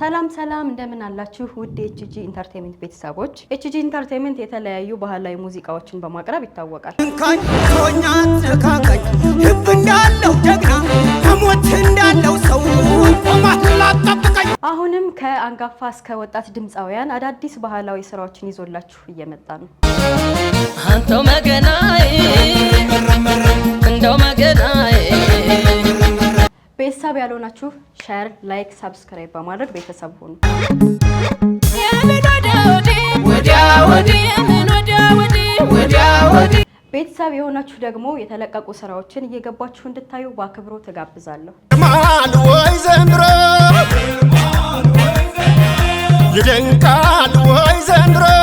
ሰላም ሰላም፣ እንደምን አላችሁ ውድ ኤችጂ ኢንተርቴንመንት ቤተሰቦች። ኤችጂ ኢንተርቴንመንት የተለያዩ ባህላዊ ሙዚቃዎችን በማቅረብ ይታወቃል። እንካኝ እንዳለው ጀግና ከሞት እንዳለው ሰው አሁንም ከአንጋፋ እስከ ወጣት ድምፃውያን አዳዲስ ባህላዊ ስራዎችን ይዞላችሁ እየመጣ ነው። አንተው መገናይ እንደው መገናይ ቤተሰብ ያልሆናችሁ ሸር፣ ላይክ፣ ሰብስክራይብ በማድረግ ቤተሰብ ሆኑ። ቤተሰብ የሆናችሁ ደግሞ የተለቀቁ ስራዎችን እየገባችሁ እንድታዩ በአክብሮ ተጋብዛለሁ። ወይ ዘንድሮ ይደንቃል ወይ ዘንድሮ